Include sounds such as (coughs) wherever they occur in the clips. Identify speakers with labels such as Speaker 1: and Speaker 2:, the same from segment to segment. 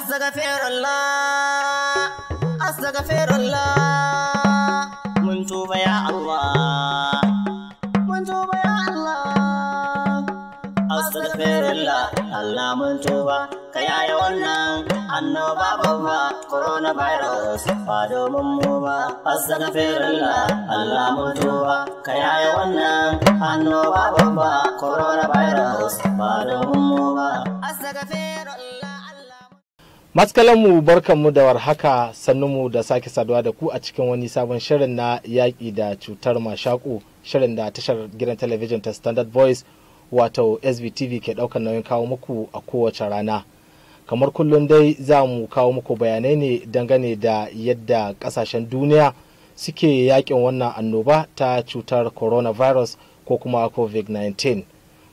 Speaker 1: astaghfirullah
Speaker 2: astaghfirullah mun tuba ya Allah mun tuba ya Allah astaghfirullah
Speaker 1: Allah mun tuba ka yaya wannan annoba babba
Speaker 2: coronavirus ba domin mu ba astaghfirullah Allah mun tuba ka yaya wannan annoba babba coronavirus ba domin mu ba
Speaker 3: mu barkanmu da warhaka sannunmu da sake saduwa da ku a cikin wani sabon shirin na yaƙi da cutar mashaƙo shirin da tashar gidan talabijin ta standard voice wato sbtv ke ɗaukar nauyin kawo muku a kowace rana kamar kullum dai za mu kawo muku bayanai ne dangane da yadda ƙasashen duniya suke yaƙin wannan annoba ta cutar coronavirus ko kuma covid-19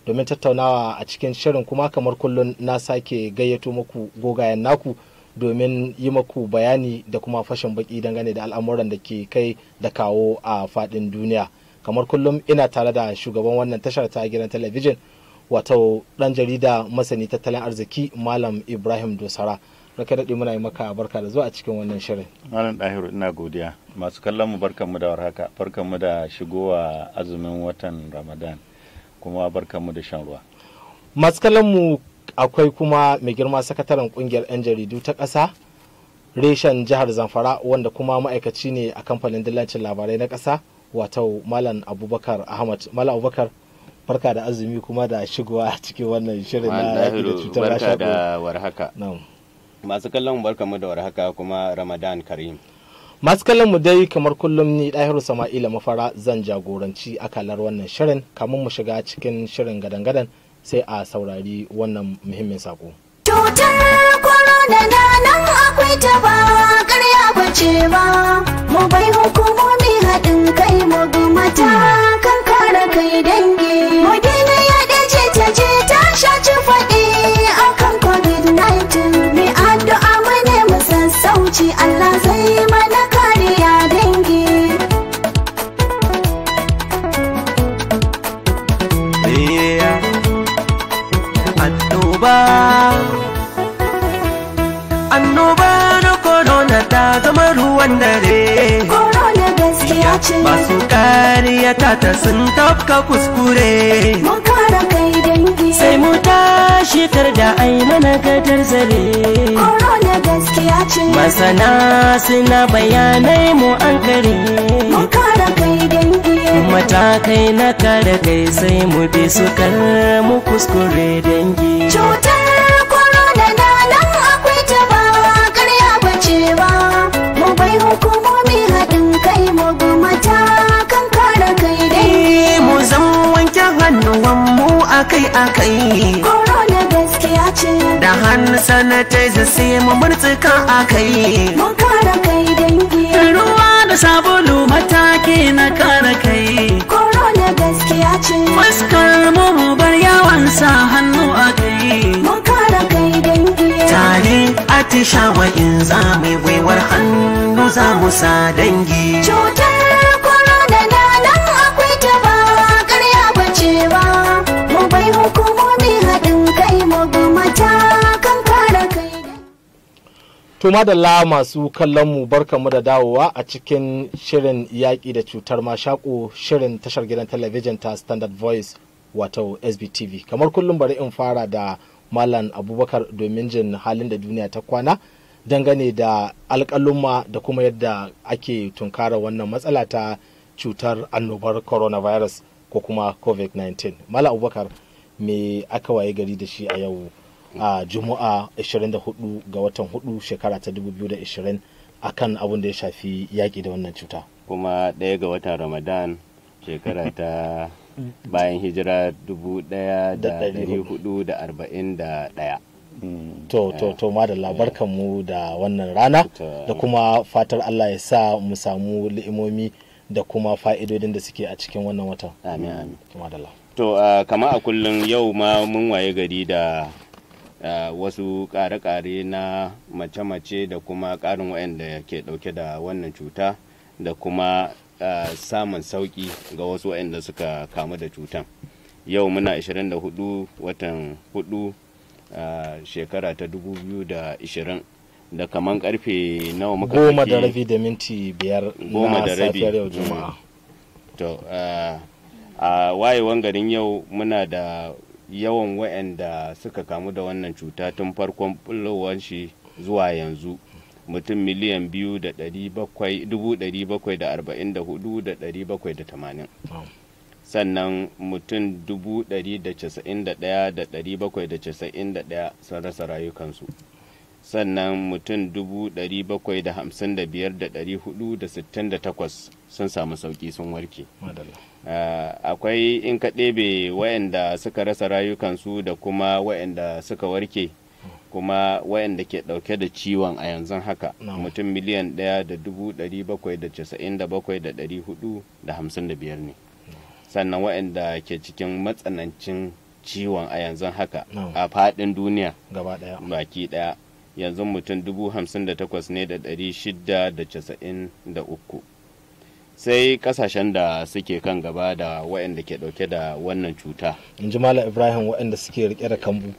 Speaker 3: domin tattaunawa a cikin shirin kuma kamar kullum na sake gayyato muku gogayen naku domin yi maku bayani da kuma fashin baki dangane da al'amuran da ke kai da kawo a fadin duniya kamar kullum ina tare da shugaban wannan tashar ta gidan talabijin wato dan jarida masani tattalin arziki malam ibrahim dosara raka daɗe muna yi maka barka da zuwa a
Speaker 4: cikin wannan shirin malam ɗahiru ina godiya masu kallon mu barkan da warhaka barkan mu da shigowa azumin watan ramadan kuma barkanmu da shan ruwa
Speaker 3: masu akwai kuma mai girma sakataren kungiyar 'yan jaridu ta ƙasa reshen jihar zamfara wanda kuma ma'aikaci ne a kamfanin dillancin labarai na ƙasa wato malam abubakar ahmad malam abubakar farka da azumi kuma da shigowa a (laughs) cikin wannan shirin na da cutar
Speaker 2: rashin da warhaka masu kallon barkamu da warhaka kuma ramadan karim
Speaker 3: masu kallon mu dai kamar kullum ni ɗahiru sama'ila mafara zan jagoranci akalar wannan shirin kamun mu shiga cikin shirin gadan-gadan sai a saurari wannan muhimmin sako. cutar corona da nan akwai ta ba
Speaker 2: karya bace ba mu bai hukumomi haɗin kai mu gumata kan kare kai dangi mu daina yaɗa ce ta je ta shaci faɗi akan covid-19
Speaker 1: Allah zai mana kariya dangi
Speaker 5: Annoba Annoba na corona
Speaker 1: ta zama ruwan dare Corona gaskiya ce Masu kariya ta ta sun tafka kuskure kai mu tashi kar da ai mana gadar zare corona gaskiya ce masana suna bayanai mu an kare mu
Speaker 2: kare kai dangi
Speaker 1: matakai na kare kai sai mu bi su kar kuskure dangi cutar corona na nan akwai ta ba karya bace ba mu bai hukum akai akai korona gaskiya ce da hannu sanitizer sai mu murtsuka akai mun kare kai dangi ruwa da sabulu mataki na kare kai korona gaskiya ce fuskar mu bar yawan sa hannu akai mun kare kai dangi tare atishawa in za mu gwiwar hannu za mu sa dangi cutar
Speaker 3: kuma da la masu kallon mu barkamu da dawowa a cikin shirin yaƙi da cutar mashaƙo shirin tashar gidan talabijin ta Standard Voice wato SBTV. Kamar kullum bari in fara da Malam Abubakar domin jin halin da duniya ta kwana dangane da alƙaluma da kuma yadda ake tunkara wannan matsala ta cutar annobar coronavirus ko kuma COVID-19. Malam Abubakar me aka waye gari da shi a yau a juma'a 24 ga watan 4 shekara ta 2020 akan abun da ya shafi yaƙi da wannan cuta
Speaker 2: kuma ɗaya ga watan ramadan shekara ta bayan hijira 1441
Speaker 3: mm. to to to da eh. barkanmu da wannan rana da kuma fatar allah ya sa mu samu li'imomi da kuma fa'idodin da suke a cikin wannan watan amin amin
Speaker 2: to kama a kullum yau ma mun waye gari da wasu ƙare-ƙare na mace-mace da kuma ƙarin waɗanda ke ɗauke da wannan cuta da kuma samun sauƙi ga wasu waɗanda suka kamu da cutan yau muna 24 watan 4 shekara ta 2020 da kaman karfe nawa muka goma da rabi
Speaker 3: da minti biyar na da yau juma'a mm.
Speaker 2: to a wayewan garin yau muna da yawan waɗanda suka kamu da wannan cuta tun farkon bullowar shi zuwa yanzu mutum miliyan biyu da dubu ɗari bakwai da arba'in da hudu da ɗari bakwai da tamanin sannan mutum dubu ɗari da casa'in da ɗaya da ɗari bakwai da casa'in da ɗaya sun rasa rayukansu sannan mutum dubu ɗari bakwai da hamsin da biyar da ɗari hudu da sittin da takwas sun samu sauƙi sun warke. Ah, akwai in ka ɗebe wayanda suka rasa rayukansu da kuma wayanda suka warke kuma wayanda ke ɗauke da ciwon a yanzu haka mutum miliyan ɗaya da dubu ɗari bakwai da casa'in da bakwai da ɗari hudu da hamsin da biyar ne sannan wayanda ke cikin matsanancin ciwon a yanzu haka a faɗin duniya baki ɗaya yanzu mutum dubu hamsin da takwas ne da ɗari shida da casa'in da uku sai kasashen da suke kan gaba da waɗanda ke ɗauke da wannan cuta
Speaker 3: in ji Mala ibrahim waɗanda suke rike da kambu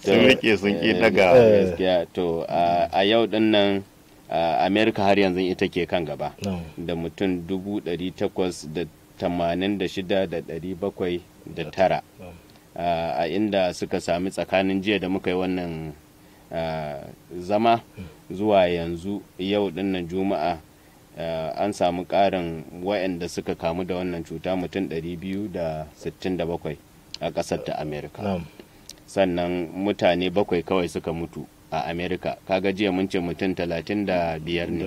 Speaker 3: sun rike sun ki daga eh,
Speaker 2: eh. to a yau din nan america har yanzu ita ke kan gaba da mutum 886,709 a inda suka sami tsakanin jiya da muka yi wannan zama zuwa yanzu yau dinnan juma'a an samu ƙarin waɗanda suka kamu da wannan cuta mutum 267 a ƙasar ta amerika sannan mutane bakwai kawai suka mutu a america kaga jiya mun ce mutum talatin da biyar ne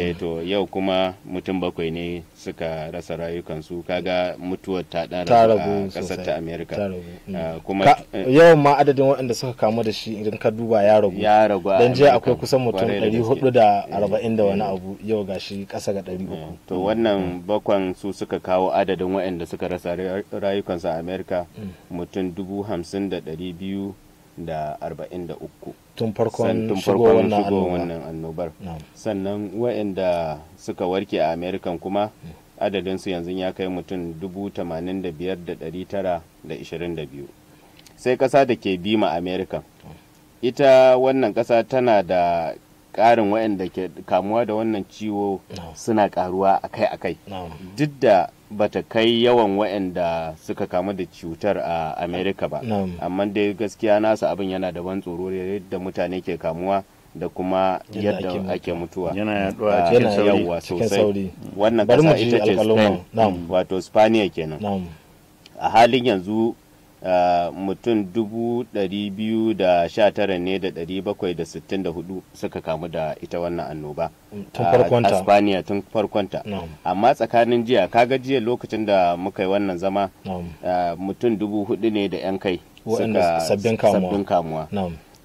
Speaker 2: eh, to yau kuma mutum bakwai ne suka rasa rayukansu kaga mutuwar ta dan rabu a kasar ta america
Speaker 3: ah, kuma eh, yawan ma adadin waɗanda suka kamu da shi idan ka duba ya ragu ya ragu dan jiya akwai kusan mutum 440 da wani eh, abu yau ga shi kasa ga 300
Speaker 2: to wannan bakwan su suka kawo adadin waɗanda suka rasa rayukansu a america mm. mutum dubu hamsin da ɗari biyu da arba'in da uku tun farkon shigo wannan annobar sannan waɗanda suka warke a Amerikan kuma mm. adadinsu yanzu ya kai mutum 85,922 sai ƙasa da ke bima Amerikan. Mm. ita wannan ƙasa tana da ƙarin waɗanda ke kamuwa da wannan ciwo suna karuwa akai-akai duk da bata kai yawan waɗanda suka kamu da cutar a amerika ba amma dai gaskiya nasa abin yana da ban tsoro yadda mutane ke kamuwa da kuma yadda ake mutuwa yana yaduwa cikin sosai wannan kasa ita ce spain wato spaniya kenan a halin yanzu Eh, mutum 219,764 ne da 764 suka kamu da ita wannan annoba
Speaker 3: a spaniya
Speaker 2: tun farkonta amma tsakanin jiya kaga jiya lokacin da muka yi wannan zama eh, mutum 4,000 ne da 'yan kai suka sabbin kamuwa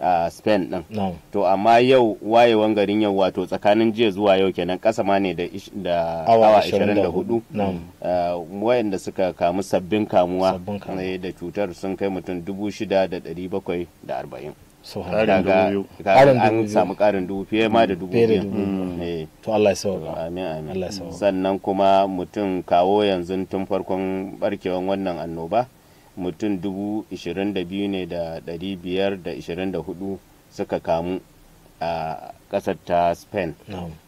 Speaker 2: a spain din to amma yau wayewan garin yau wato tsakanin jiya zuwa yau kenan kasa ma ne da awa 24 wayanda suka kamu sabbin kamuwa eh, da cutar sun kai mutum 6,740
Speaker 4: an samu
Speaker 2: karin dubu fiye ma da dubu biyu mm. eh. to Allah ya sauka amin amin sannan kuma mutum kawo yanzu tun farkon barkewan wannan annoba mutum 22,524 ne da 524 suka kamu a kasar ta spain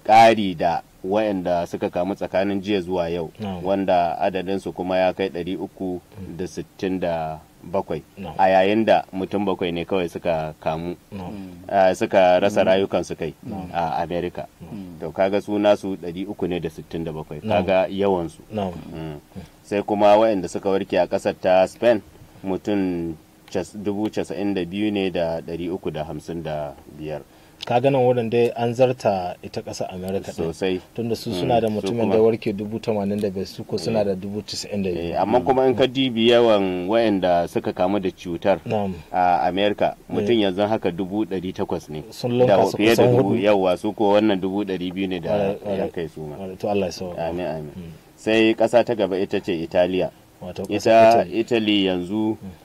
Speaker 2: ƙari da waɗanda suka kamu tsakanin jiya zuwa yau wanda adadinsu kuma ya kai 364 bakwai a yayin da mutum bakwai ne kawai suka kamu suka rasa rayukansu kai a america to kaga su nasu 367 kaga yawansu mm. Mm. sai kuma waɗanda suka warke a ƙasar ta spain mutum 92 ne da 355
Speaker 3: ka ganin wurin dai an zarta ita ƙasa america sosai tunda su mm, suna da mutumin da warke dubu tamanin da bai suko suna eh. da dubu tisa'in da biyu eh, amma
Speaker 2: kuma in ka dibi yawan wayanda suka kamu da cutar a america mutum eh. yanzu haka dubu ɗari takwas ne sun fiye da dubu yawa su ko wannan dubu ɗari biyu ne da ya kai su ma to allah ya sauka amin amin hmm. sai ƙasa ta gaba ita ce italiya ita italy yanzu hmm.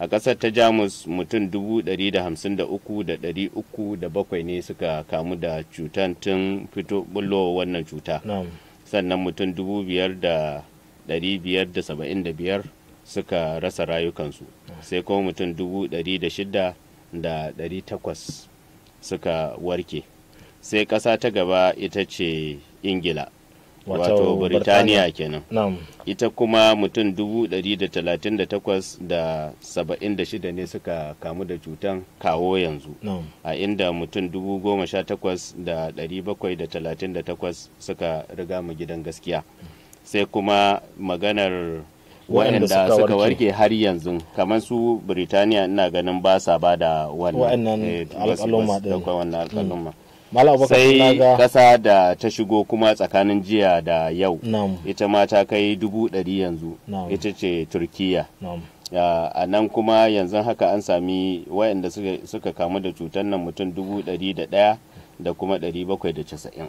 Speaker 2: a ƙasar ta jamus mutum 353,307 ne suka kamu da cutar tun fito bullo wannan cuta sannan mutum 5,575 suka rasa rayukansu sai kuma mutum 600,800 suka warke sai ƙasa ta gaba ita ce ingila wato Birtaniya kenan. Ita kuma mutum shida ne suka kamu da cutan kawo yanzu. A inda mutum takwas suka riga mu gidan gaskiya. Sai kuma maganar waɗanda suka warke har yanzu kamar su Birtaniya ina ganin ba sa ba da wannan eh, alƙaluma.
Speaker 3: sai kasa
Speaker 2: da ta shigo kuma tsakanin jiya da yau ita ma ta kai dubu ɗari yanzu ita ce turkiya a nan kuma yanzu haka an sami wayanda suka kamu da cutar nan mutum dubu ɗari da ɗaya da kuma ɗari bakwai da casa'in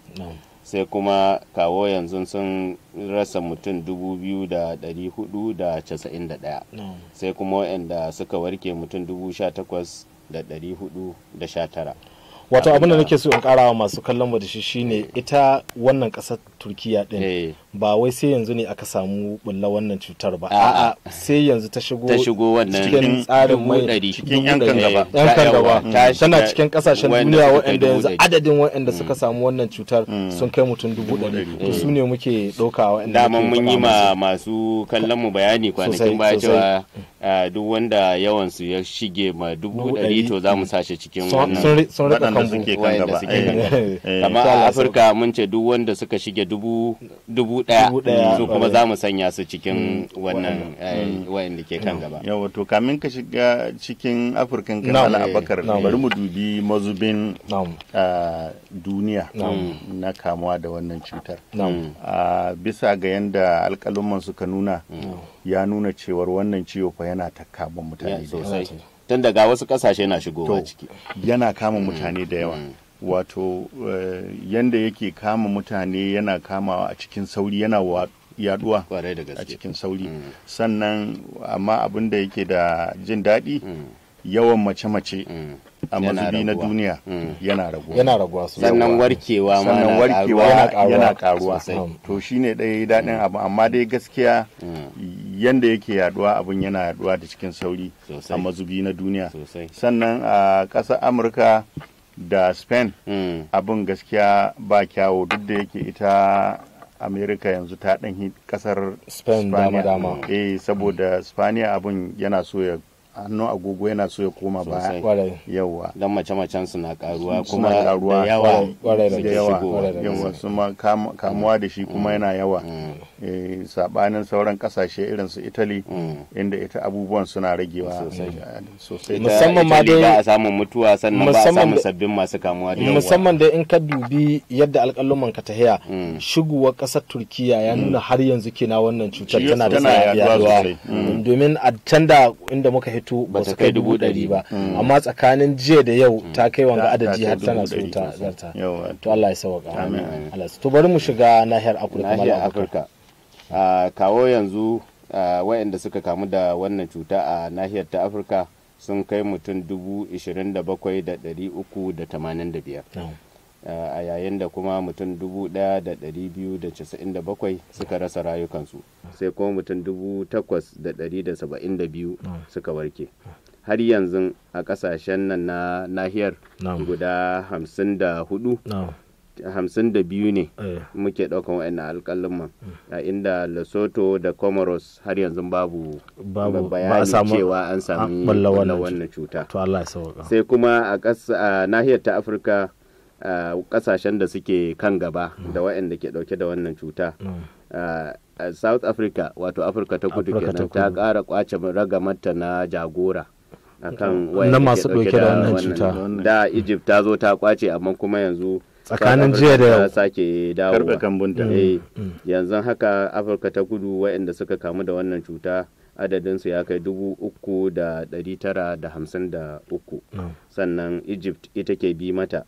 Speaker 2: sai kuma kawo yanzu sun rasa mutum dubu biyu da ɗari hudu da casa'in da ɗaya sai kuma wayanda suka warke mutum dubu sha takwas da ɗari hudu da sha tara
Speaker 3: wato abinda nake so in karawa masu kallon mu da shi shine ita wannan kasar turkiya din eh. ba wai sai yanzu ne aka samu bulla wannan cutar ba a'a sai yanzu ta shigo ta shigo wannan cikin tsarin mai cikin yan kan gaba gaba tana cikin kasashen duniya waɗanda yanzu adadin waɗanda suka mm. samu wannan cutar mm. sun kai mutum dubu ɗari su mm. ne muke ɗauka waɗanda daman mun yi ma
Speaker 2: masu kallon mu bayani kwanakin baya cewa ah, duk wanda yawan su ya shige ma dubu ɗari to za mu sashe cikin wannan wanda kan gaba eh, eh. a afirka mun ce duk wanda suka shige dubu daya su kuma za mu sanya su cikin mm, wannan mm. eh,
Speaker 4: wayan da ke kan gaba yawa to kamin ka shiga cikin afirkan kan ala abakar bari mu dubi mazubin duniya na kamuwa da wannan cutar bisa ga yadda alkalumman suka nuna mm. ya nuna cewar wannan ciwo fa yana ta mutane sosai tun daga wasu kasashe na shigowa ciki yana kama mutane da yawa mm. wato eh, yanda yake kama mutane yana kamawa a cikin sauri yana yaduwa a cikin sauri mm. sannan amma abin da yake da jin daɗi mm. yawan mace-mace mm. a mazubi na duniya mm. yana raguwa yana raguwa sannan warkewa sannan warkewa yana karuwa mm. to shine yi daɗin abu amma dai gaskiya yanda yake yaduwa abin yana yaduwa da cikin sauri a mazubi na duniya sannan a ƙasar amurka da spain abin gaskiya ba kyawo duk da yake ita amerika yanzu ta ɗanyi ƙasar spain dama dama eh saboda spaniya abin yana so ya hannun agogo yana so ya koma ba yawa don mace-macen suna karuwa kuma da yawa da yawa yawa suma kamuwa da shi kuma mm. yana yawa mm. eh, sabanin sauran kasashe irin su italy mm. inda ita abubuwan suna ragewa sosai musamman ma dai ba a samun mutuwa sannan ba a samun sabbin masu kamuwa da yawa musamman
Speaker 3: dai in ka dubi yadda alƙalluman ka ta haya shigowar ƙasar turkiya ya nuna har yanzu kina wannan cutar tana da yaduwa domin a can da inda muka hito fito ba ta kai dubu ɗari ba hmm. amma tsakanin jiya da yau hmm. ta kai wanga adadi har tana so ta zarta to Allah ya sauka amin to bari mu shiga nahiyar Afirka nahiyar Afirka kawo yanzu
Speaker 2: wayanda suka kamu da wannan cuta a nahiyar ta Afirka sun kai mutum dubu ishirin da bakwai da ɗari uku da tamanin da biyar Eh, a yayin da kuma mutum 1,297 suka rasa rayukansu sai kuma mutum 8,872 ah. suka warke har yanzu a kasashen nan na nahiyar guda 54 hamsin da biyu ne eh. muke ɗaukan wa'annan alƙalin man hmm. a inda lesotho da comoros har yanzu babu bayanin cewa an sami wannan cuta sai kuma a nahiyar ta afirka Uh, kasashen da suke kan gaba mm. da waɗanda ke ɗauke da wannan cuta mm. uh, uh, south africa wato afirka ta kudu kenan ta ƙara kwace ragamata na jagora akan wayan masu dauke da wannan cuta da egypt ta zo ta kwace amma kuma yanzu tsakanin jiya da sake dawowa eh, mm. yanzu haka afirka ta kudu waɗanda suka kamu da wannan cuta adadinsu ya kai dubu uku da ɗari tara da hamsin da uku sannan egypt ita ke bi mata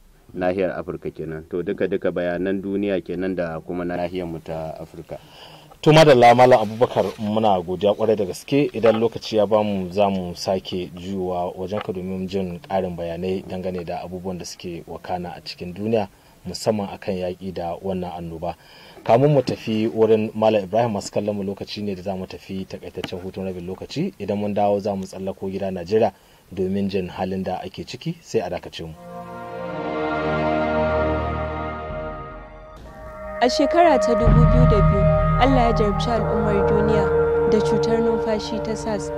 Speaker 2: nahiyar afirka kenan to duka duka bayanan duniya kenan da kuma nahiyar mu ta afirka
Speaker 3: to madalla malam abubakar muna godiya kwarai da gaske idan lokaci ya bamu za mu sake juyowa wajen ka domin jin karin bayanai dangane da abubuwan da suke wakana a cikin duniya musamman akan yaƙi da wannan annoba kamun mu tafi wurin malam ibrahim masu kallon mu lokaci ne da za mu tafi takaitaccen hutun rabin lokaci idan mun dawo za mu tsallako gida najeriya domin jin halin da ake ciki sai a dakace mu.
Speaker 1: A shekara ta 2002, Allah ya jarabci al'ummar duniya da cutar numfashi ta SARS.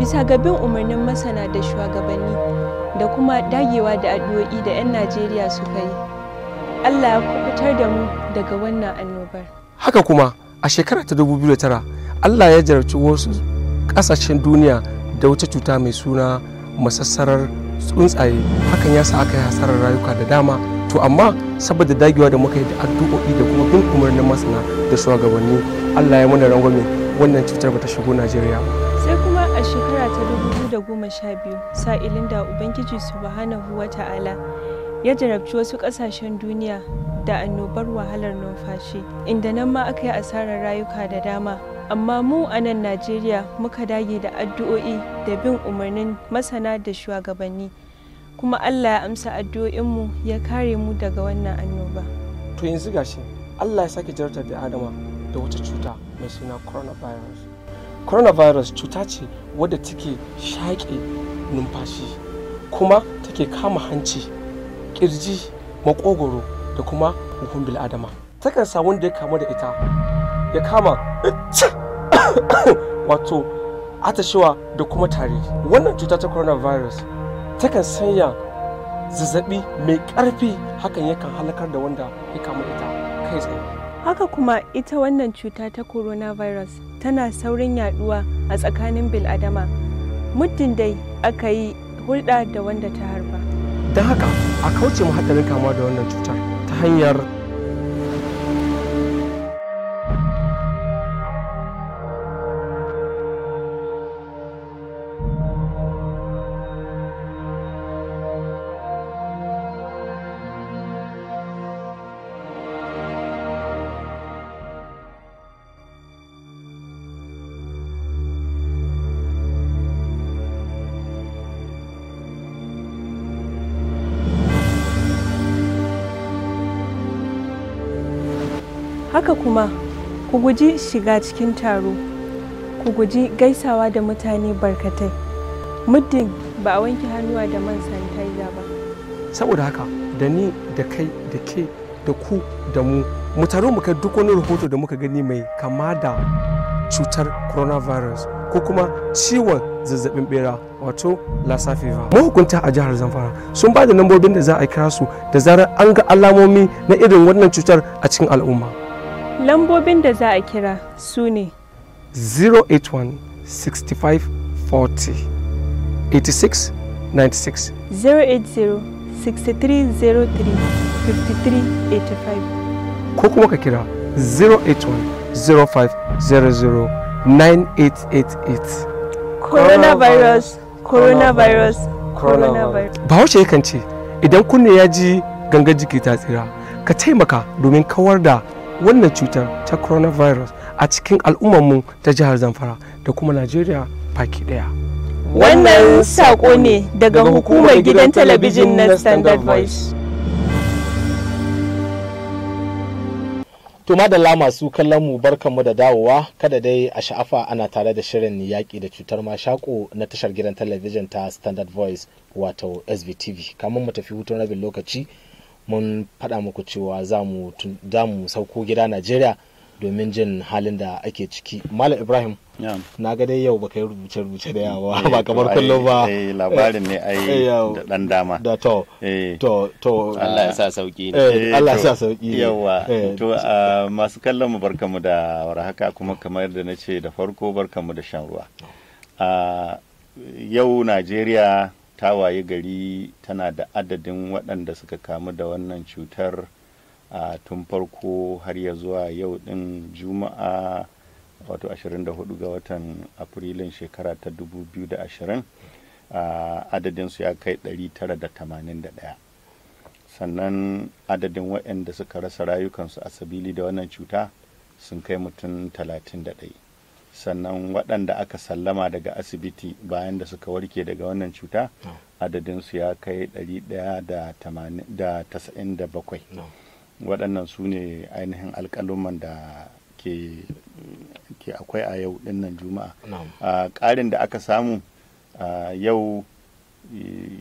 Speaker 1: Bisa gabin umarnin masana da shugabanni da kuma dagewa da addu'o'i da 'yan Najeriya suka yi, Allah ya kubutar da mu daga wannan annobar.
Speaker 5: Haka kuma a shekara ta 2009, Allah ya jarabci wasu ƙasashen duniya da wata cuta mai suna masassarar tsuntsaye hakan ya sa aka yi hasarar rayuka da dama to amma saboda dagewa da muka yi da addu'o'i da kuma bin umarnin masana da shugabanni allah ya mana rangwame wannan cutar ba ta shigo najeriya
Speaker 1: sai kuma a shekara ta 2012 sa'ilin da ubangiji subhanahu wa ta'ala ya jarabci wasu kasashen duniya da annobar wahalar numfashi inda nan ma aka yi asarar rayuka da dama amma mu a nan najeriya muka dage da addu'o'i da bin umarnin masana da shugabanni kuma Allah ya amsa addu'o'inmu ya kare mu daga wannan annoba.
Speaker 5: To yanzu gashi Allah ya sake jarta da Adama da wata cuta mai suna coronavirus. Coronavirus cuta ce wadda take shaƙe numfashi kuma take kama hanci, kirji makogoro da kuma huhun bil'adama. Takan samu wanda ya kamu da ita ya kama (coughs) wato atashewa da kuma tari. Wannan cuta ta coronavirus takan sanya zazzabi mai ƙarfi hakan yakan halakar da wanda ya kama ita kai tsaye
Speaker 1: haka kuma ita wannan cuta ta coronavirus tana saurin yaduwa a tsakanin biladama muddin dai aka yi hulɗa da wanda ta harba don
Speaker 5: haka a kauce mu haɗarin kama da wannan cutar ta hanyar
Speaker 1: haka kuma ku guji shiga cikin taro ku guji gaisawa da mutane barkatai muddin ba a wanke hannuwa da man sanitizer ba
Speaker 5: saboda haka da ni da kai da ke da ku da mu mu taro mu kai duk wani rahoto da muka gani mai kama da cutar coronavirus ko kuma ciwon zazzabin bera wato lassa fever mahukunta a jihar zamfara sun ba da lambobin da za a kira su da zarar an ga alamomi na irin wannan cutar a cikin al'umma
Speaker 1: Lambobin da za a kira su ne
Speaker 5: 081 ko kuma ka kira 081 0500 coronavirus coronavirus coronavirus bahaushe yakan ce idan kunne ya ji gangan jiki ta tsira ka taimaka domin kawar da wannan cutar ta coronavirus a cikin al'ummarmu ta jihar zamfara da kuma najeriya baki daya
Speaker 1: wannan saƙo ne daga hukumar gidan talabijin na standard voice
Speaker 3: madalla masu kallon mu barkanmu da dawowa kada dai a sha'afa ana tare da shirin yaƙi da cutar mashaƙo na tashar gidan talabijin ta Standard Voice wato SVTV. Kamun mu tafi hutun rabin lokaci mun faɗa muku cewa za mu sauko gida najeriya domin jin halin da ake ciki malam ibrahim na ga dai yau baka yi rubuce rubuce da yawa eh,
Speaker 4: ba kamar kullum ba eh labarin ne ai eh, eh, da dan dama da to to to Allah ya sa sauki ne Allah ya sa sauki yawa to ah, masu kallon mu barkamu da warhaka kuma kamar yadda nace da farko barkamu da shan ruwa ah, yau Najeriya tawaye gari tana da adadin waɗanda suka kamu da wannan cutar a tun farko har ya zuwa yau ɗin juma'a wato 24 ga watan afrilun shekara ta 2020 adadinsu ya kai 981 sannan adadin waɗanda suka rasa rayukansu a sabili da wannan cuta sun kai mutum 31 sannan waɗanda aka sallama daga asibiti bayan da suka warke daga wannan cuta adadinsu ya kai 197 waɗannan su ne ainihin alƙaluman da ke akwai a yau dinnan juma'a ƙarin da aka samu yau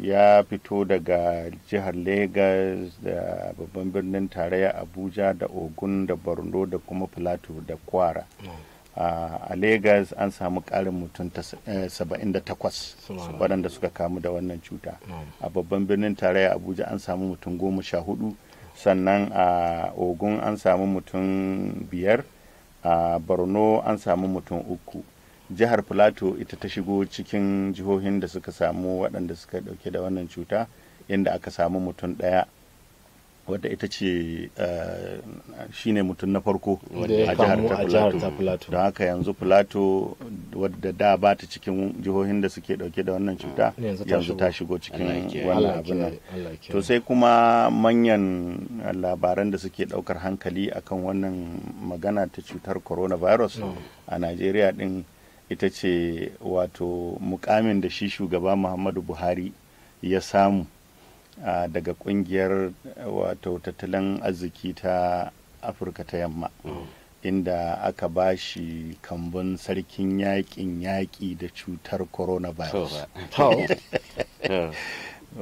Speaker 4: ya fito daga jihar lagos da babban birnin tarayya abuja da ogun da borno da kuma plateau da kwara a Legas an samu ƙarin mutum 78 eh, waɗanda suka kamu da wannan cuta a babban birnin tarayya Abuja an samu mutum goma sha hudu sannan a Ogun an samu mutum biyar a Borno an samu mutum uku jihar Plateau ita ta shigo cikin jihohin da suka samu waɗanda suka ɗauke da wannan cuta inda aka samu mutum ɗaya wadda ita ce eh, shi ne mutum na farko a jihar ta plato don haka yanzu plato wadda da ba ta cikin jihohin da suke dauke da wannan cuta ah, yanzu ta shigo cikin wannan abin to sai kuma manyan eh, labaran da suke daukar hankali akan wannan magana ta cutar coronavirus mm. a nigeria din ita ce wato mukamin da shi shugaba muhammadu buhari ya samu daga kungiyar wato tattalin arziki ta afirka ta yamma mm. inda aka ba shi kambun sarkin yakin yaƙi da cutar coronavirus (laughs) (laughs)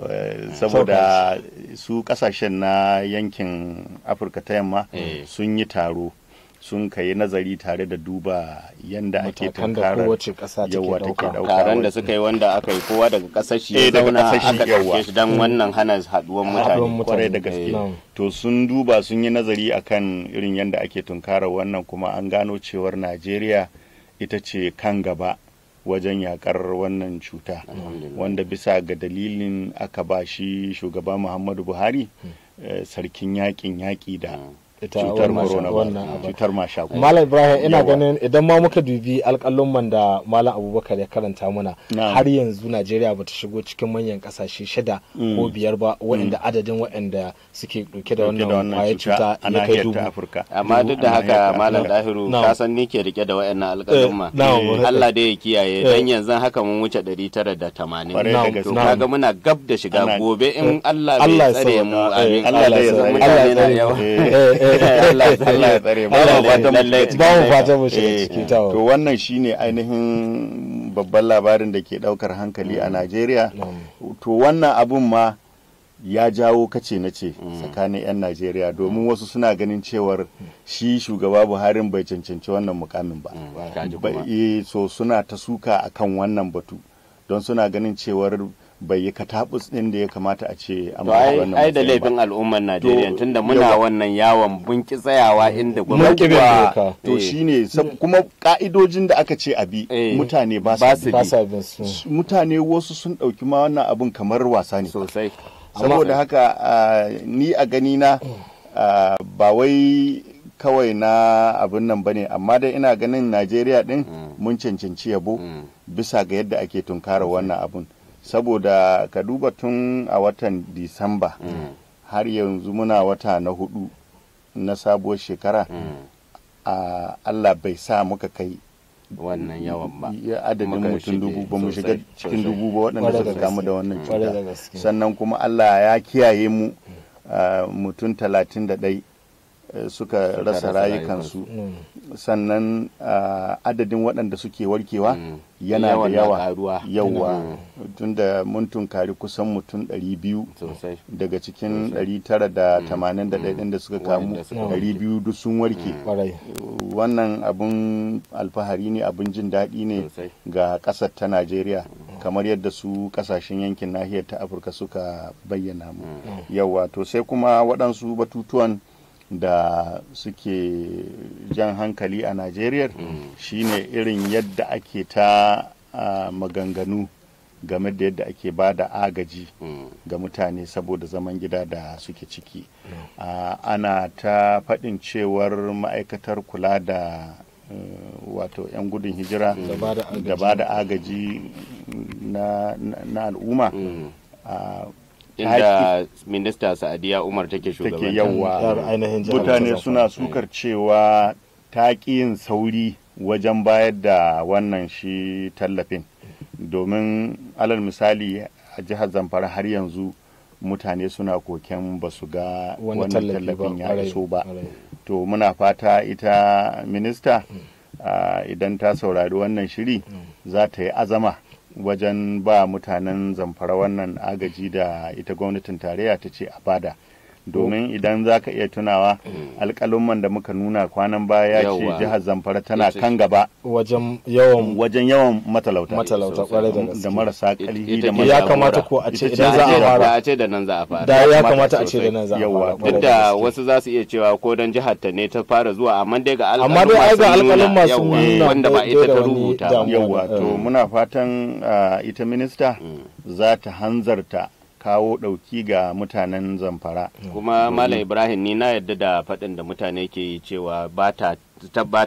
Speaker 4: eh, saboda su kasashen na yankin afirka ta yamma eh. sun yi taro sun ka yi nazari tare da duba yadda ake tunkarar yawa take dauka taron da suka yi
Speaker 2: wanda aka yi kowa daga kasar shi ya eh, zauna aka ɗauke shi don wannan hana haduwan mutane kwarai da gaske eh.
Speaker 4: to sun duba sun yi nazari akan irin yadda ake tunkarar wannan kuma an gano cewar Najeriya ita ce kan gaba wajen yakar wannan cuta wanda bisa ga dalilin aka ba shi shugaba Muhammadu Buhari hmm. eh, sarkin yakin yaki da hmm. cutar cutar mashaƙo malam ibrahim ina ganin
Speaker 3: idan ma muka dubi man da malam abubakar ya karanta mana har yanzu najeriya ba ta shigo cikin manyan ƙasashe shida ko mm. biyar ba waɗanda mm. adadin waɗanda suke ɗauke da wannan ƙwayar cuta ya kai dubu amma duk da haka malam dahiru ka san
Speaker 2: ni ke rike da waɗannan eh, alƙalumma allah da ya kiyaye dan eh. yanzu haka mun wuce ɗari tara da tamanin kaga muna gab da shiga gobe in eh, allah bai tsare mu amin allah ya zama yawa Allah to
Speaker 4: wannan shine ainihin babban labarin da ke daukar hankali a mm. Najeriya mm. to wannan abun ma ya jawo kace na ce mm. tsakanin 'yan najeriya domin wasu suna ganin cewar shi shugaba buharin bai cancanci wannan mukamin ba eh, so suna ta suka akan wannan batu don suna ganin cewar bai yi katabus din da ya kamata a ce a ba wannan ai da laifin
Speaker 2: al'ummar Najeriya tunda muna wannan yawon bunki tsayawa inda gwamnati ba to eh.
Speaker 4: shine kuma ka'idojin da aka ce a bi eh. mutane ba su bi mutane wasu sun dauki ma wannan abun kamar wasa ne sosai saboda haka ni a gani na ba wai kawai na abin nan bane amma dai ina ganin Najeriya din mm. mun cancanci yabo mm. bisa ga yadda ake tunkara wannan abun saboda ka duba tun a watan disamba mm. har yanzu muna wata na hudu na sabuwar shekara mm. a allah bai sa muka kai wannan yawan ba adadin mutum dubu ba mu shiga cikin dubu ba waɗanda suka kamu da wannan cuta sannan kuma allah ya kiyaye mu mm. mutum talatin da ɗai Eh, suka rasa rayukansu mm. sannan ah, adadin waɗanda suke warkewa mm. yana da yawa yawa mm. da mun tunkari kusan mutum 200 daga cikin 981 ɗin da suka kamu 200 duk sun warke wannan abun alfahari ne abun jin daɗi ne ga ƙasar ta najeriya kamar yadda su ƙasashen yankin nahiyar ta afirka suka bayyana mu yawa to sai kuma waɗansu batutuwan da suke jan hankali a najeriya shine irin yadda ake ta maganganu game da yadda ake ba da agaji ga mutane saboda zaman gida da suke ciki ana ta faɗin cewar ma'aikatar kula da e, wato 'yan gudun hijira da ba da agaji na al'umma mm. inda
Speaker 2: minista sa'adiya umar
Speaker 4: take shugabantar mutane suna sukar cewa ta yin sauri wajen bayar da wannan shi tallafin domin alal misali a jihar zamfara har yanzu mutane suna koken ba su ga wannan tallafin ya iso ba to muna fata ita minista hmm. ah, idan ta saurari wannan shiri hmm. za ta yi azama wajen ba mutanen zamfara wannan agaji da ita gwamnatin tarayya ta ce a bada domin idan za ka iya tunawa mm. alƙalumman da muka nuna kwanan baya ya ce jihar zamfara tana kan gaba wajen yawan wajen yawan matalauta matalauta da da marasa ƙarfi da ya kamata ko a ce idan za a fara a
Speaker 2: ce da nan za a fara da ya kamata a ce da nan
Speaker 4: za a fara duk da
Speaker 2: wasu za su iya cewa ko dan jihar ta ne ta fara zuwa amma dai ga alƙalumma ga alƙalumma sun nuna eh, wanda ba ita ta rubuta yawa to eh.
Speaker 4: muna fatan ah, ita minista mm. za ta hanzarta kawo ɗauki ga mutanen zamfara kuma malam
Speaker 2: ibrahim ni na yadda da faɗin da mutane ke yi cewa ba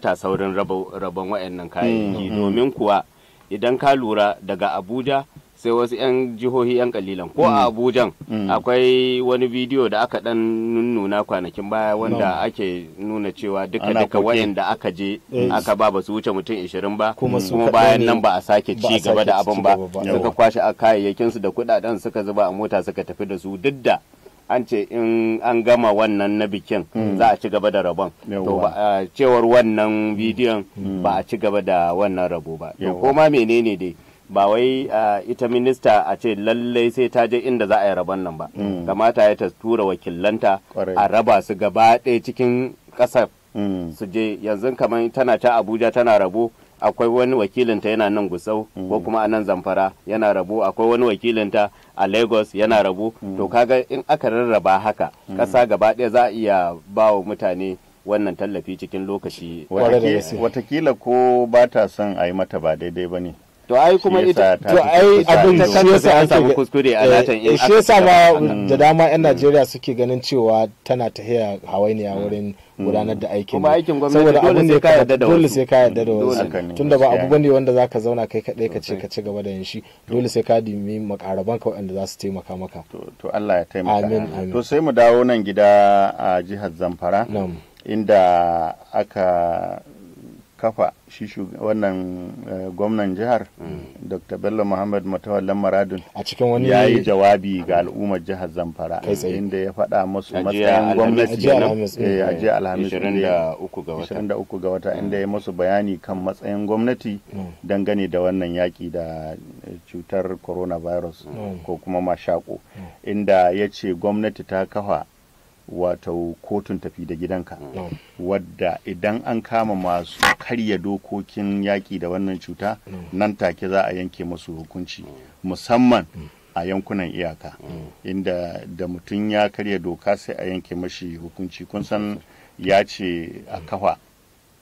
Speaker 2: ta saurin rabon waɗannan kayayyaki mm, mm, mm. domin kuwa idan ka lura daga abuja sai wasu 'yan jihohi 'yan kalilan ko a mm. abujan mm. akwai wani bidiyo da aka dan nuna kwanakin baya wanda ake nuna cewa duka duka wayanda aka je eh. aka ba ba su wuce mutum 20 ba kuma bayan nan ba a sake ci gaba da abin ba suka kwashe kayayyakin su da kudaden suka zuba a mota suka tafi da su duk da an ce in an gama wannan na bikin mm. za a ci gaba da rabon to cewar wannan bidiyon ba a ci gaba da wannan rabo ba to koma menene dai ba wai ita minista a ce lallai sai ta je inda za a yi rabon nan ba mm. kamata ya ta tura wakilanta a raba su gaba ɗaya cikin ƙasar mm. su je yanzu kamar tana ta abuja tana rabo akwai wani wakilinta yana nan gusau ko mm. kuma a nan zamfara yana rabo akwai wani wakilinta a lagos yana rabo to kaga in aka rarraba haka ƙasa gaba ɗaya za a iya ba wa mutane wannan tallafi cikin lokaci
Speaker 4: watakila ko ba ta son a yi mata ba daidai ba ne to ai kuma ita to ai abin da shi yasa an samu kuskure a latan eh shi yasa ba da
Speaker 3: dama yan mm. Najeriya suke ganin cewa tana tahiya hawainiya mm. wurin mm. gudanar da aikin kuma aikin gwamnati dole sai ka yarda da dole sai ka yarda da wasu tunda ba abu bane wanda zaka zauna kai kadai ka ce ka ci gaba da yin shi dole sai ka dimi makaraban ka waɗanda za su taimaka maka
Speaker 4: to Allah ya taimaka amin to sai mu dawo nan gida a jihar Zamfara inda aka kafa shi wannan eh, gwamnan jihar mm. dr bello muhammad matawallan maradun a cikin wani ya yi jawabi ga al'ummar jihar zamfara inda ya faɗa masu matsayin gwamnati a jiya alhamis 23 eh, ga wata mm. inda ya masu bayani kan matsayin gwamnati mm. dangane da wannan yaƙi da eh, cutar coronavirus ko kuma mashako inda ya ce gwamnati ta kafa wato kotun tafi da gidanka mm. Mm. wadda idan an kama masu karya dokokin yaƙi da wannan cuta mm. nan take za a yanke masu hukunci musamman a yankunan iyaka inda da mutum ya karya doka sai a yanke mashi hukunci kun san ya ce a kafa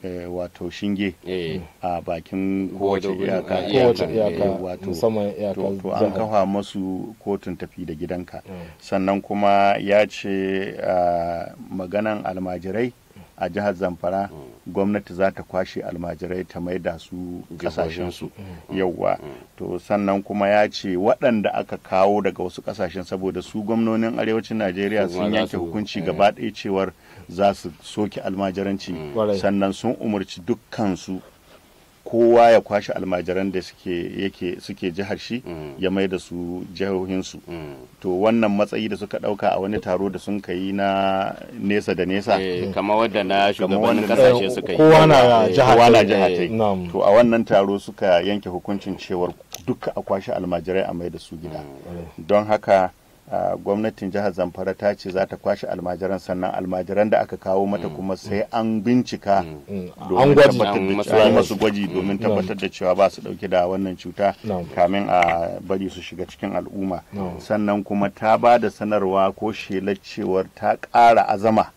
Speaker 4: Eh, wato shinge eh. a bakin kowace iyaka eh, wato to an kafa masu kotun tafi da gidanka sannan kuma ya ce ah, maganan almajirai a jihar zamfara mm. gwamnati za ta kwashe almajirai ta maida su kasashensu mm, mm, yauwa mm. to sannan kuma ya ce waɗanda aka kawo daga wasu kasashen saboda su gwamnonin arewacin najeriya sun yanke hukunci eh. gaba ɗaya cewar za su soke almajiranci sannan sun umarci dukkansu kowa ya kwashe almajiran da suke suke jihar shi mm. ya mai da su jihohinsu mm. to wannan matsayi da suka dauka a wani taro da sun kai na nesa da nesa eh, kamar wadda na shugabannin kasashe eh, suka yi kowa na jihatai ta eh, to a wannan taro suka yanke hukuncin cewar duka a kwashe almajirai a mai da su gida mm. don haka gwamnatin jihar zamfara ta ce za ta kwashe almajiran sannan almajiran da aka kawo mata mm. kuma sai an bincika mm. Mm. domin tabbatar da masu gwaji domin tabbatar da cewa ba su dauke da wannan cuta kamin a bari su shiga cikin al'umma sannan kuma ta ba da sanarwa ko shelar cewar ta ƙara azama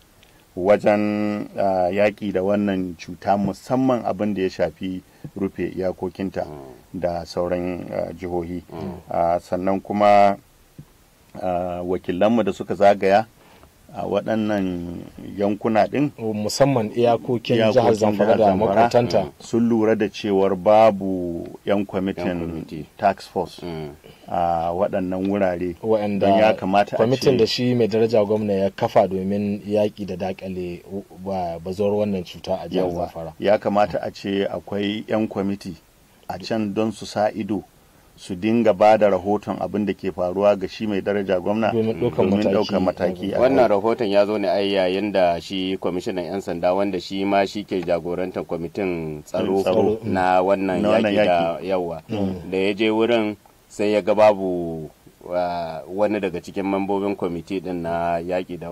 Speaker 4: wajen yaƙi da wannan cuta musamman abin da ya shafi rufe iyakokinta da sauran jihohi sannan kuma wakilanmu da suka zagaya a waɗannan yankuna ɗin musamman iyakokin jihar zamfara da makwatanta mm. sun lura da cewar babu 'yan kwamitin tax force mm. a waɗannan wurare don ya kamata a kwamitin da
Speaker 3: shi mai daraja gwamna ya kafa domin yaƙi da dakale bazuwar wannan cuta a jihar zamfara
Speaker 4: ya kamata a ce akwai 'yan kwamiti a can don su sa ido su dinga ba da rahoton abin da ke faruwa ga shi mai daraja gwamna domin ɗaukar mataki wannan
Speaker 2: rahoton ya zo ne ai yayin da shi kwamishinan 'yan sanda wanda shi ma shi ke jagorantar kwamitin tsaro mm. na wannan yaki da yawa mm. da ya je wurin sai ya ga babu wani daga cikin mambobin kwamiti din na yaƙi da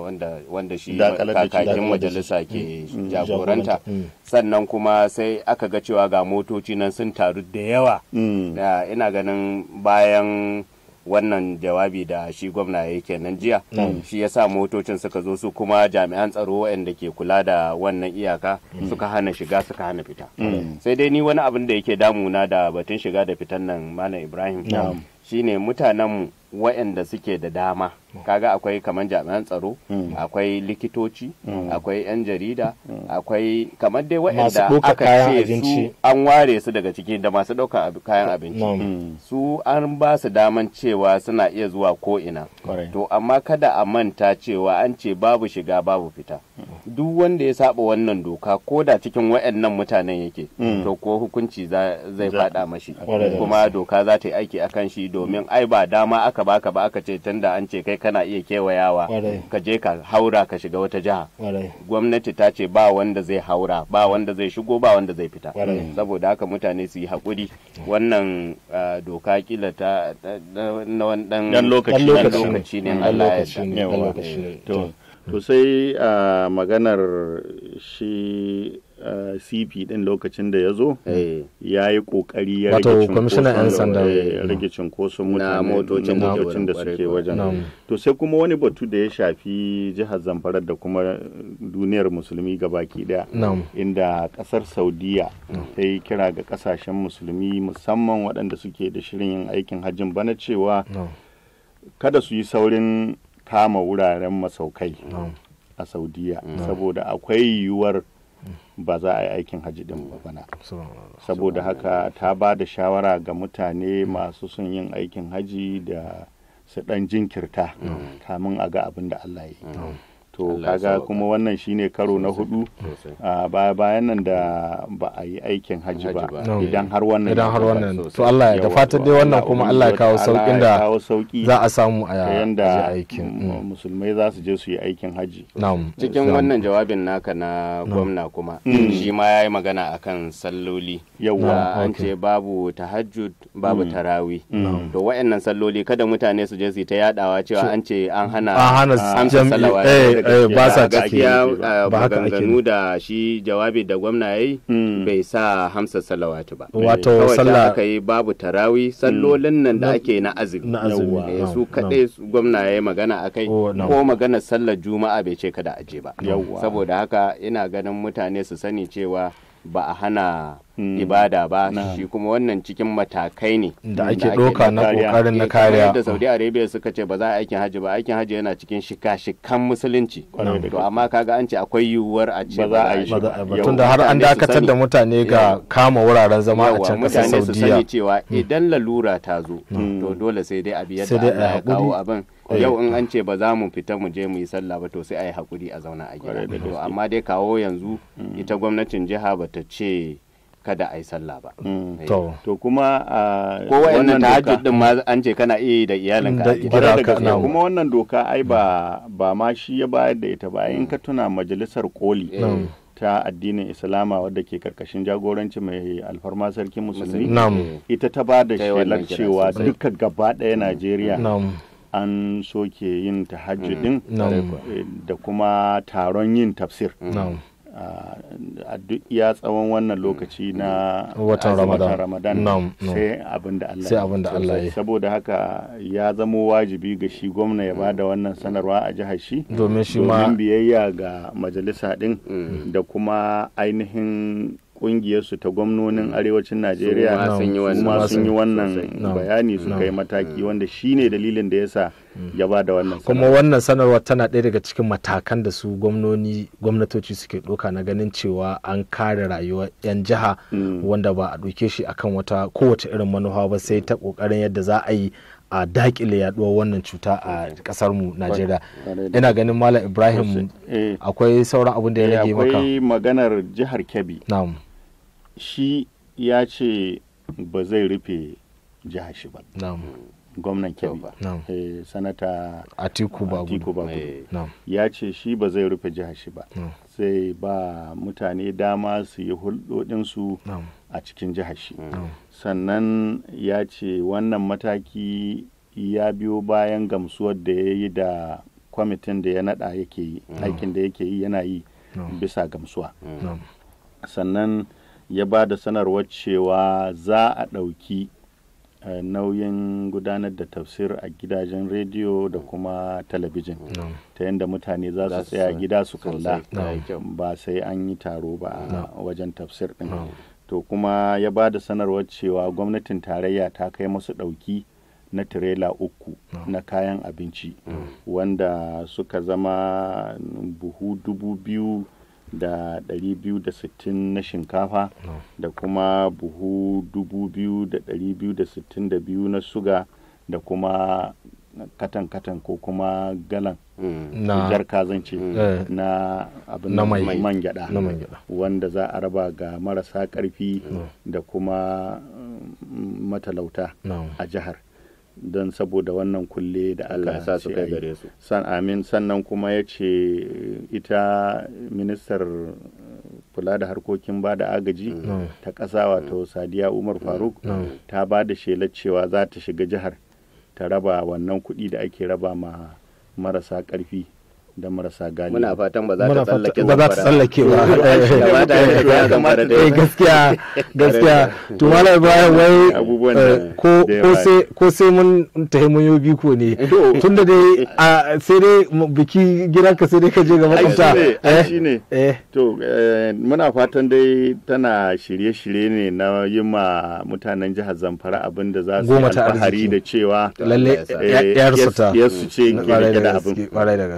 Speaker 2: wanda shi kakakin majalisa ke mm, mm, jagoranta mm. sannan kuma sai aka ga cewa ga motoci nan sun taru da yawa ina ganin bayan wannan jawabi da shi gwamna ya kenan jiya shi ya sa motocin suka zo su kuma jami'an tsaro waɗanda ke kula da wannan iyaka suka hana shiga suka hana fita sai dai ni wani abin da yake damuna da batun shiga da fitan nan malam ibrahim shi shine mutanenmu waɗanda suke da dama Mm. kaga akwai kamar jami'an tsaro mm. akwai likitoci mm. akwai 'yan jarida akwai kamar dai waɗanda aka ce su an ware su daga ciki da masu ɗaukar kayan abinci su an ba su daman cewa suna iya zuwa ko ina to amma kada a manta cewa an ce babu shiga babu fita duk wanda ya saba wannan doka ko da cikin waɗannan mutanen yake to ko hukunci zai faɗa mashi kuma doka za ta yi aiki akan shi domin ai ba dama aka baka ba aka ce tunda an ce kai kana iya kewayawa ka je ka haura ka shiga wata jiha gwamnati ta ce ba wanda zai haura ba wanda zai shigo ba wanda zai fita saboda haka mutane su yi haƙuri wannan doka kila ta na dan lokaci ne Allah ya
Speaker 4: to sai maganar shi cp din lokacin da ya zo eh. ya yi kokari eh, ya rage cinkoson motocin da suke wajen to sai kuma wani batu da ya shafi jihar zamfara da kuma duniyar musulmi gabaki daya inda kasar saudiya ta yi kira ga kasashen musulmi musamman waɗanda suke da shirin yin aikin hajjin bana cewa kada su yi saurin kama wuraren masaukai a saudiya saboda akwai yiwuwar ba za a yi aikin haji din ba bana saboda haka ta ba da shawara ga mutane masu sun yin aikin haji da su dan jinkirta mm. kamin a ga abin da Allah ya yi mm. to kaga kuma wannan shine karo na hudu a baya bayan nan da ba a yi aikin haji ba idan har wannan idan har wannan to Allah ya da fatan dai wannan kuma Allah ya kawo saukin da za a samu a yanda aikin mm. musulmai za su je su yi aikin hajji cikin wannan
Speaker 2: jawabin naka na gwamna kuma mm. shi ma yayi magana akan salloli yawa an ce babu tahajjud babu mm. tarawi to wayannan salloli kada mutane su je su ta yadawa cewa an ce an hana an hana Eh, ba sa ciki eh, ba haka ake da shi jawabi da gwamna yayi hmm. bai sa hamsa salawatu ba wato sallah aka yi babu tarawi hmm. sallolin nan da ake na azumi na azumi eh, su kadai gwamna yayi magana akai oh, ko magana sallar juma'a bai ce kada aje ba saboda haka ina ganin mutane su sani cewa ba a hana Mm. ibada ba shi kuma wannan cikin matakai ne da ake ɗauka na kokarin na kariya da saudi arabia suka ce ba za a aikin hajji ba aikin haji yana cikin shika-shikan musulunci to amma kaga an ce akwai yiwuwar a ce ba za a yi shi tun da har an dakatar da mutane ga kama wuraren zama a can ƙasar saudiya mutane su cewa hmm. idan lalura ta zo hmm. to dole sai dai a biyar da Allah ya kawo abin eh. yau in an ce ba za mu fita mu je mu yi sallah ba to sai a yi hakuri a zauna a gida amma dai kawo yanzu hmm. ita gwamnatin jiha ba ta ce
Speaker 4: kada a yi sallah ba. Mm. Eh, to kuma ah, ko wannan tahajjud din ma an ce kana iya da iyalinka a gida. Kuma wannan doka ai mm. ba ma shi ya bayar da ita ba in ka tuna majalisar koli. Eh. ta addinin islama wadda ke karkashin jagoranci mai alfarma sarki musulmi eh. ita ta ba da shelar cewa duka gaba ɗaya najeriya an soke yin tahajjudin mm. da kuma taron yin tafsir a duk ya tsawon wannan lokaci na watan ramadan sai abin da Allah ya saboda haka ya zamo wajibi ga shi gwamna ya ba da wannan sanarwa a jihar shi domin biyayya ga majalisa din da kuma ainihin kungiyarsu ta gwamnonin mm. arewacin najeriya kuma sun yi wannan bayani su kai mm. mataki wanda shine dalilin da yasa mm. ya ba da wannan kuma wannan
Speaker 3: sanarwar tana ɗaya daga cikin matakan da su gwamnoni gwamnatoci suke ɗoka na ganin cewa an kare rayuwar 'yan jiha wanda ba a ɗauke shi akan wata kowace irin manufa ba sai ta kokarin yadda za a yi a dakile yaduwar wannan cuta a kasar mu Najeriya. Ina ganin Malam Ibrahim eh. akwai sauran abin da ya eh, rage maka. Akwai
Speaker 4: maganar jihar Kebbi. Na'am. shi ya ce ba zai rufe jihar shi ba gwamnan kebbi eh, sanata atiku babu eh, ya ce shi ba zai rufe jihar shi ba sai ba mutane dama su yi hulɗoɗinsu a cikin jihar shi sannan ya ce wannan mataki ya biyo bayan gamsuwar da ya yi da kwamitin da ya naɗa yake yi aikin da yake yi yana yi bisa gamsuwa sannan ya ba da sanarwar cewa za a ɗauki eh, nauyin gudanar da tafsir a gidajen rediyo da kuma talabijin ta yadda mutane za su tsaya gida su kalla ba sai an yi taro ba a wajen tafsir ɗin to kuma ya ba da sanarwar cewa gwamnatin tarayya ta kai masu ɗauki na tirela uku na kayan abinci mm. wanda suka zama buhu dubu biyu da 260 na shinkafa da kuma buhu 2262 na suga da kuma katan-katan ko kuma galan mm. na jar zan mm. eh. na abin man gyada wanda za a raba ga marasa karfi da kuma mm, matalauta a jihar don saboda wannan kulle da Allah sa su kai gare su san amin sannan kuma ya ce ita ministar eh, kula da harkokin ba da agaji mm. ta ƙasa wato mm. sadiya umar mm. faruk ta ba da shelar cewa za ta shiga jihar ta raba wannan kuɗi da ake raba ma marasa ƙarfi da marasa gani muna fatan ba za ta tsallake ba za ta tsallake ba (laughs) (laughs) eh,
Speaker 2: gaskiya
Speaker 3: (laughs) gaskiya to malam ibrahim wai eh, ko sai mun tahi mun yi biko ne
Speaker 5: tunda
Speaker 4: dai sai dai biki ka sai dai
Speaker 5: ka je ga makwabta
Speaker 4: shine eh, to muna fatan dai tana shirye-shirye ne na yi ma mutanen jihar zamfara abin da za su alfahari da cewa lalle yarsu ta yarsu ce ke da abin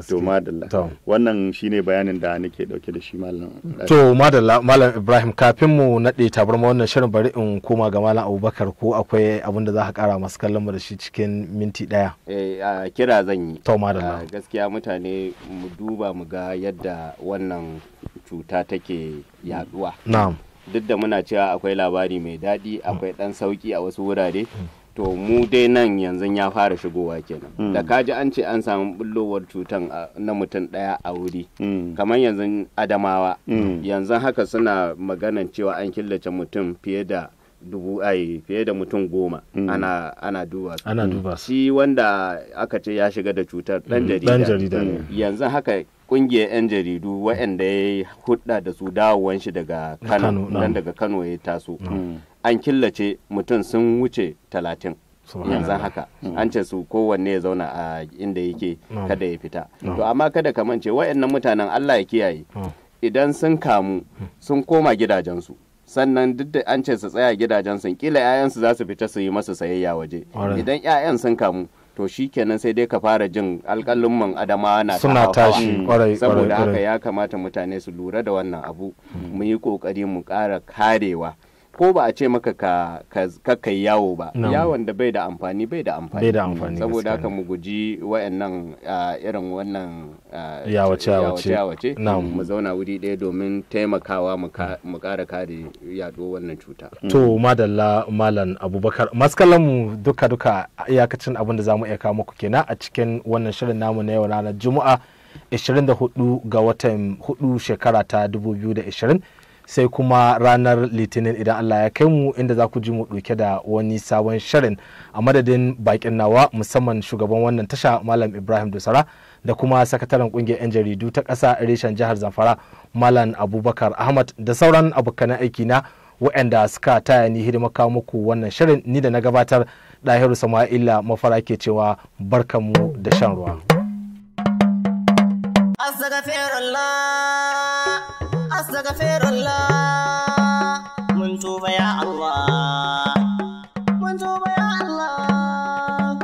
Speaker 4: to madalla wannan shine bayanin da nake dauke da shi malam to madalla malam
Speaker 3: ibrahim kafin mu nade tabarma wannan shirin bari in koma ga malam abubakar ko akwai abin da za ka kara masu kallon mu da shi cikin minti daya
Speaker 2: eh kira zan yi to madalla gaskiya mutane mu duba mu ga yadda wannan cuta take yaduwa na'am duk da muna cewa akwai labari mai daɗi akwai ɗan sauki a wasu wurare mm. to mu dai nan yanzu ya fara shigowa kenan hmm. da kaji an ce an samu bullowar cutan na mutum daya a wuri hmm. kamar yanzu adamawa hmm. yanzu haka suna maganan cewa an killace mutum fiye da dubu ai fiye da mutum goma ana ana duba ana shi wanda aka ce ya shiga da cutar dan jarida yanzu haka kungiyar 'yan jaridu waɗanda ya hudda da su dawowan shi daga kano ya taso an killace mutum sun wuce talatin yanzu haka mm. an ce su kowanne ya zauna a inda yake mm. kada ya fita mm. to amma kada ka mance wayannan mutanen Allah ya kiyaye idan sun kamu sun koma gidajensu sannan duk da an ce su tsaya gidajensu kila 'ya'yansu za su fita su yi masu sayayya waje idan 'ya'yan sun kamu to shi kenan sai dai ka fara jin alƙalin man adama na suna tashi saboda haka ya kamata mutane su lura da wannan abu mu yi kokari mu ƙara karewa ko ba a ce maka ka kai yawo ba yawon da bai da amfani bai da amfani saboda haka mu guji wayannan irin wannan yawace yawace mu zauna wuri ɗaya domin taimakawa mu ƙara kare yaɗo wannan cuta to
Speaker 3: madalla malam abubakar maskalan mu duka duka iyakacin abin da zamu iya kawo muku kenan a cikin wannan shirin namu na yau ranar juma'a 24 ga watan 4 shekara ta 2020 sai kuma ranar litinin idan allah ya kai mu inda za ku ji mu ɗauke da wani sabon shirin a madadin bakin nawa musamman shugaban wannan tasha malam ibrahim dosara da kuma sakataren kungiyar 'yan jaridu ta ƙasa reshen jihar zamfara malam abubakar ahmad da sauran abokan aiki na waɗanda suka taya ni hidima kawo muku wannan shirin ni da na gabatar ɗahiru sama'ila mafara ke cewa barkanmu da shan ruwa. astaghfirullah
Speaker 2: mun tuba ya Allah mun tuba ya Allah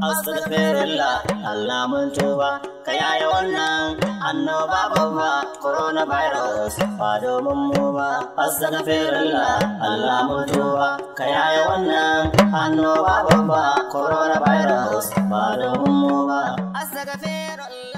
Speaker 1: astaghfirullah Allah mun tuba ka yaya wannan annoba babba coronavirus ba domin mu ba astaghfirullah Allah mun tuba ka yaya wannan annoba babba coronavirus ba domin mu ba astaghfirullah